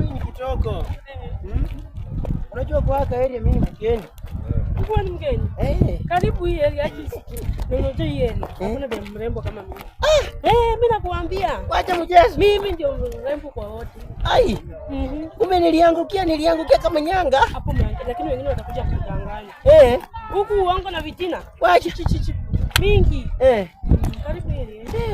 ni kitoko. Eh. Unajua kwa haka area mimi mgeni. Kwa ni mgeni? Eh. Karibu hii area hii. Ndio hii area. Eh. Hakuna vya mrembo kama mimi. Ah, eh mimi nakuambia. Wacha mchezo. Mimi ndio mrembo kwa wote. Ai. Mhm. Kumbe niliangukia niliangukia kama nyanga. Hapo mwanzo lakini wengine watakuja kudanganya. Eh. Huku uongo na vitina. Wacha chichi mingi. Eh. Karibu hii area.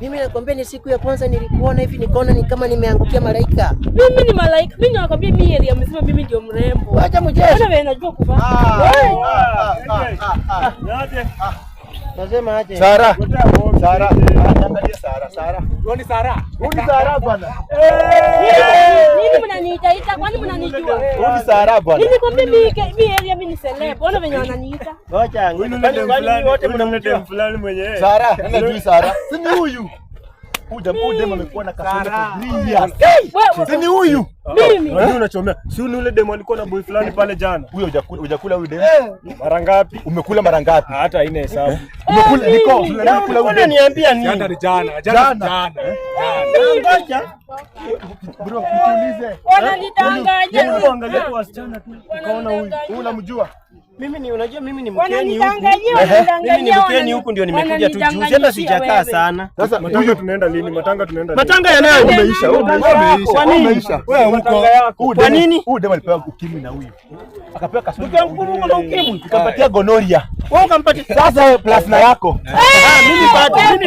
Mimi nakwambia ni siku ya kwanza nilikuona hivi nikaona ni kama nimeangukia malaika. Mimi ni malaika. Mimi nakwambia mimi yeye amesema mimi ndio mrembo. Acha mjeshi. Bwana wewe unajua kuvaa. Ah. Nasema ah, ah, ah, aje? Sara. Sara. Angalia Sara, Sara. Roni Sara. Roni Sara bwana. Nini mnaniita ita? Kwani mnanijua? Roni Sara bwana. Mimi kumbe mimi area mimi ni celeb. Ona venye wananiita. Ngoja. Kwani wote mnamjua fulani mwenyewe. Sara, mimi najua Sara. Simu huyu huyu amekuwa na huyu unachomea, si ni ule demu alikuwa na boy fulani pale jana. Huyo hujakula huyu demu mara ngapi? Umekula mara ngapi? Hata haina hesabu. Umekula yaani niko, unaniambia nini? Jana jana jana Eh, Bro, nitulize. Wananidanganya. Wewe angalia tu wasichana tu. Ukaona huyu. Huyu unamjua? Mimi ni unajua mimi ni mkeni huku. Mimi ni mkeni huku ndio nimekuja tu juzi hata sijakaa sana. Sasa matanga tunaenda lini? Matanga tunaenda lini? Matanga yanayo umeisha. Umeisha. Umeisha. Wewe uko. Kwa nini? Huyu dema alipewa ukimwi na huyu. Akapewa kasoro. Tukamkumu na ukimwi. Tukampatia gonoria. Wewe ukampatia. Sasa plus na yako. Ah, mimi bado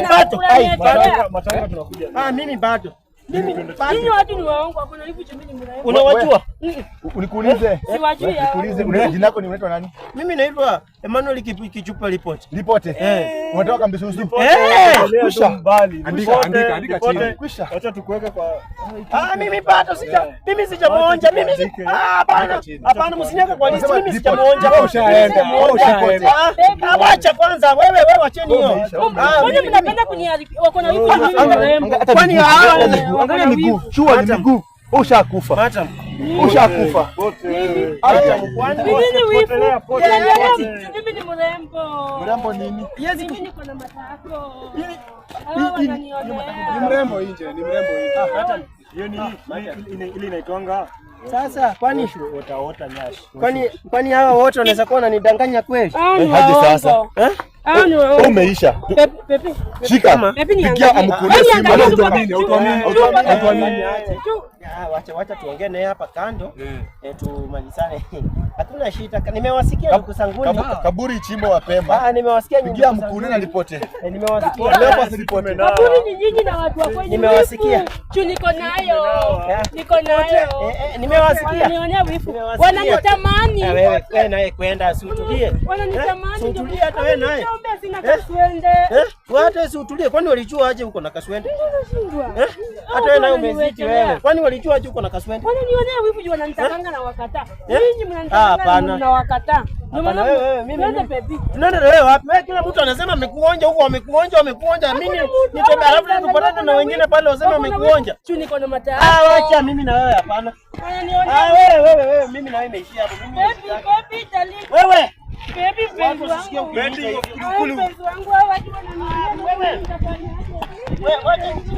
Ah, mimi bado. Mimi bado. Ninyi watu ni waongo, hakuna hivi cha mimi mnaelewa. Unawajua? Nikuulize. Eh, siwajui. Nikuulize, unaitwa jina lako ni unaitwa nani? Mimi naitwa Emmanuel Kichupa Lipote. Lipote. Eh. eh. Unatoka Mbisusu. Eh. Kisha mbali. Andika andika andika chini. Kisha. Acha tukuweke kwa Ah, mimi bado sija. Eh. Mimi sijamuonja. Mimi si Ah, hapana. Hapana, msiniweke kwa list. Mimi sijamuonja. Wewe ushaenda. Wewe ushaenda. Acha kwanza. Wewe wewe acheni hiyo. Ah, wewe mnapenda kuniharibia. Wako na hiyo. Kwani hawa angalia miguu. Chua ni miguu. Ushakufa. Madam. Ushakufa. Mimi ni mrembo. Mrembo nini? Mimi niko na matako. Ni mrembo nje, ni mrembo nje. Ah, hata ah, hiyo ni ile sasa kwani kwani kwani hawa wote wanaweza kuwa wananidanganya kweli? Eh, hadi sasa. Eh? Umeisha. Shika. Pigia amkulie simu. Wacha tuongee naye hapa kando mm. eh, tumalizane. Hatuna shida. Ah, nimewasikia ndugu zangu. Kaburi chimbo wa Pemba. Ah, nimewasikia nyinyi. Pigia mkuu nani alipote. Eh, nimewasikia. Leo basi ripote. Kaburi ni nyinyi na watu wa kwenu. Nimewasikia. Chu niko nayo. Eh? Niko nayo. Eh, eh Nimewasikia. Nione wifu. Wananitamani. Ah, wewe wewe naye kwenda usiutulie. Mm, nitamani. Usiutulie hata wewe naye. Niombe sina kaswende. Hata usiutulie. Kwani walijua aje huko na kaswende? Hata wewe naye umeziti wewe. Kwani walijua aje huko na kaswende? Wananiona wifu juu wananitakanga na wakataa. Ninyi mnanitakanga hapana. Mnawakataa. Tunaenda wewe wapi? Wewe kila mtu anasema amekuonja huko, amekuonja, amekuonja. Mimi nitoka alafu nikupatane na wengine pale wasema amekuonja. Tu niko na matatizo. Ah, acha mimi na wewe hapana. Ah, wewe wewe wewe mimi na wewe imeishia hapo. Mimi wewe Baby, mpenzi wangu. Baby, mpenzi wangu. Wewe, wacha